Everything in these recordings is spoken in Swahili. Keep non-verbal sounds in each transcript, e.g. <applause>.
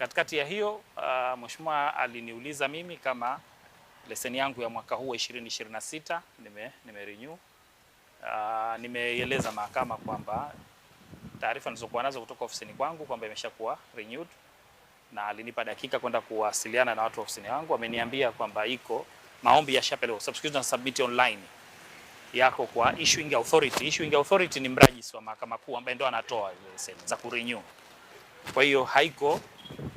Katikati ya hiyo uh, mheshimiwa aliniuliza mimi kama leseni yangu ya mwaka huu 2026 nime, nime renew. Uh, nimeeleza mahakama kwamba taarifa nilizokuwa nazo kutoka ofisini kwangu kwamba imeshakuwa renewed na alinipa dakika kwenda kuwasiliana na watu wa ofisini wangu, ameniambia kwamba iko maombi shapelo sababu na submit online yako kwa issuing authority. Issuing authority ni mrajisi wa mahakama kuu ambaye ndo anatoa leseni za kurenew, kwa hiyo haiko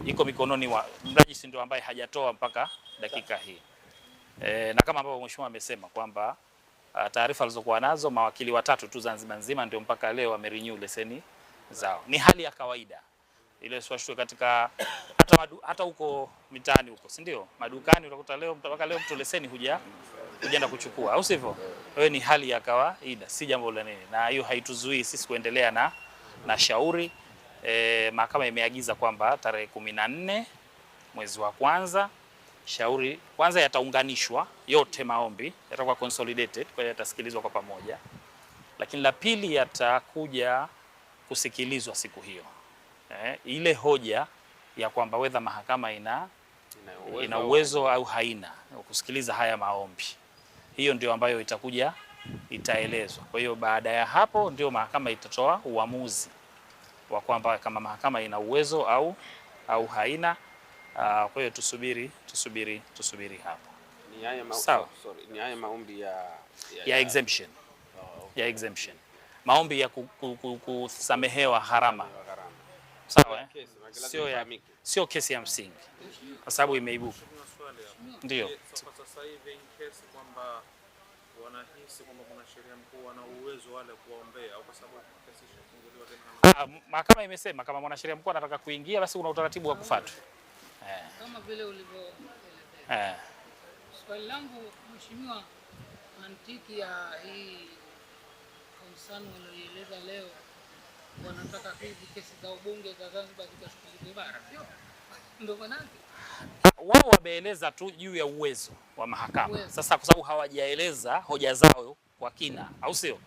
iko mikononi wa mrajisi, ndio ambaye hajatoa mpaka dakika hii e, na kama ambavyo mheshimiwa amesema kwamba taarifa alizokuwa nazo mawakili watatu tu Zanzibar nzima ndio mpaka leo wamerenew leseni zao. Ni hali ya kawaida ile, siwashtue katika hata madu, hata huko mitaani huko, si ndio? Madukani utakuta leo mpaka leo mtu leseni huja hujaenda kuchukua, au sivyo? Wewe ni hali ya kawaida, si jambo la nini, na hiyo haituzuii sisi kuendelea na na shauri e, mahakama imeagiza kwamba tarehe kumi na nne mwezi wa kwanza shauri kwanza yataunganishwa yote, maombi yatakuwa consolidated, kwa hiyo yatasikilizwa kwa pamoja, lakini la pili yatakuja kusikilizwa siku hiyo eh, ile hoja ya kwamba wedha mahakama ina ina uwezo au haina kusikiliza haya maombi, hiyo ndio ambayo itakuja itaelezwa. Kwa hiyo baada ya hapo ndio mahakama itatoa uamuzi wa kwamba kama mahakama ina uwezo au, au haina. Ah, kwa hiyo tusubiri tusubiri tusubiri hapo. Ni haya ma Sawa. Sorry, ni haya maombi ya, ya, ya exemption oh, okay. ya exemption maombi ya kusamehewa harama sawa eh? Sio ya, sio kesi ya msingi kwa sababu imeibuka ndio. sasa hivi kesi kwamba wanahisi kwamba mwanasheria mkuu ana uwezo wale kuwaombea kwa sababu kesi imefunguliwa tena? Ah, mahakama imesema kama mwanasheria mkuu anataka kuingia, basi kuna utaratibu wa kufuatwa eh. kama vile ulivyo Eh, swali langu mheshimiwa, mantiki ya hii kausani walioieleza leo, wanataka hizi kesi za ubunge za Zanzibar zikashughulikiwe bara, sio? Wao wameeleza tu juu ya uwezo wa mahakama uwezo. Sasa kwa sababu hawajaeleza hoja zao kwa kina, au sio?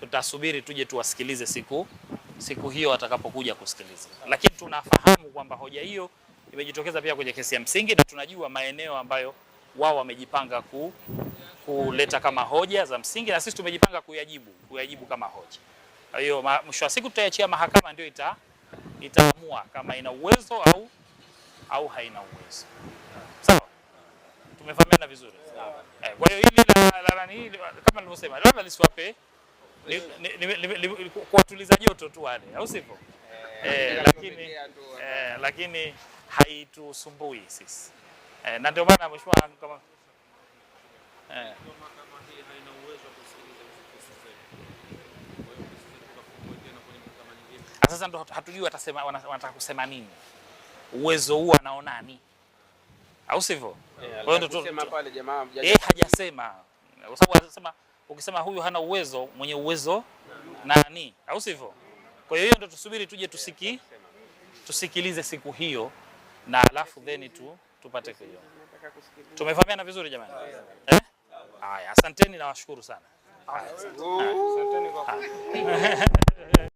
Tutasubiri tuje tuwasikilize siku siku hiyo watakapokuja kusikiliza, lakini tunafahamu kwamba hoja hiyo imejitokeza pia kwenye kesi ya msingi na tunajua maeneo ambayo wao wamejipanga ku, kuleta kama hoja za msingi na sisi tumejipanga kuyajibu kuyajibu kama hoja. Kwa hiyo mwisho wa siku tutaiachia mahakama ndio ita, itaamua kama ina uwezo au au haina uwezo. Sawa, tumefahamiana vizuri. Eh, kwa hiyo hili la hili kama nilivyosema, labda lisiwape kuwatuliza joto tu wale, au sivyo? Eh, eh Lakini eh, lakini haitusumbui sisi, eh, na ndio maana mheshimiwa kama eh kama ah, hii haina uwezo kusikiliza. sasa ndo hatujui watasema, wanataka kusema nini uwezo huu nani, au sivyo? Eh, eh, hajasema kwa sababu anasema ukisema huyu hana uwezo, mwenye uwezo nani? au sivyo? Kwa hiyo hiyo ndio tusubiri tuje tusiki tusikilize siku hiyo, na alafu then tu tupate kujua. Tumefahamiana vizuri jamani? Eh, haya, asanteni na washukuru sana. Asanteni kwa <laughs>